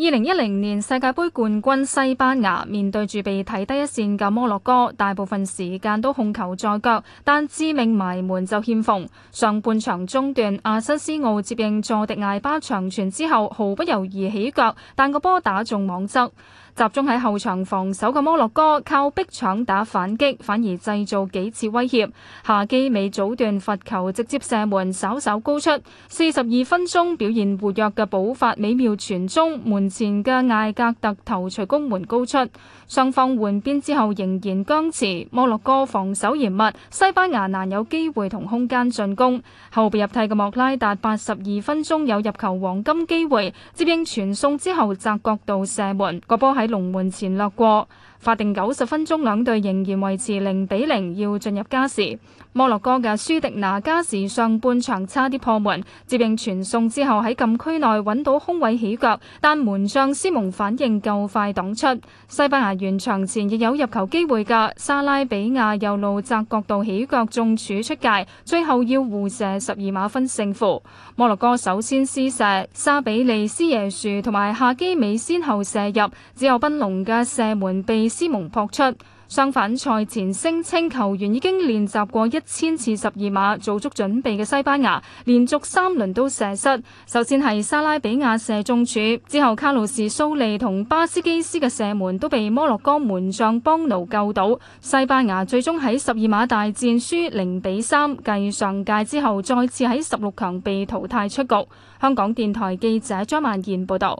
二零一零年世界杯冠軍西班牙面對住被睇低一線嘅摩洛哥，大部分時間都控球在腳，但致命埋門就欠奉。上半場中段，阿申斯奧接應佐迪艾巴長傳之後，毫不猶豫起腳，但個波打中網側。集中喺後場防守嘅摩洛哥靠逼搶打反擊，反而製造幾次威脅。夏基美早段罰球直接射門，稍稍高出。四十二分鐘，表現活躍嘅補發美妙傳中，門前嘅艾格特頭槌攻門高出。雙方換邊之後仍然僵持。摩洛哥防守嚴密，西班牙難有機會同空間進攻。後備入替嘅莫拉達八十二分鐘有入球黃金機會，接應傳送之後窄角度射門，個波喺龍門前掠過。法定九十分鐘，兩隊仍然維持零比零，要進入加時。摩洛哥嘅舒迪拿加時上半場差啲破門，接應傳送之後喺禁區內揾到空位起腳，但門將斯蒙反應夠快擋出。西班牙完場前亦有入球機會，噶沙拉比亞右路窄角度起腳中柱出界。最後要互射十二碼分勝負。摩洛哥首先施射，沙比利斯耶樹同埋夏基美先後射入，只有賓隆嘅射門被斯蒙撲出，相反賽前聲稱球員已經練習過一千次十二碼做足準備嘅西班牙，連續三輪都射失。首先係沙拉比亞射中柱，之後卡路士、蘇利同巴斯基斯嘅射門都被摩洛哥門將邦奴救到。西班牙最終喺十二碼大戰輸零比三，繼上屆之後再次喺十六強被淘汰出局。香港電台記者張萬燕報道。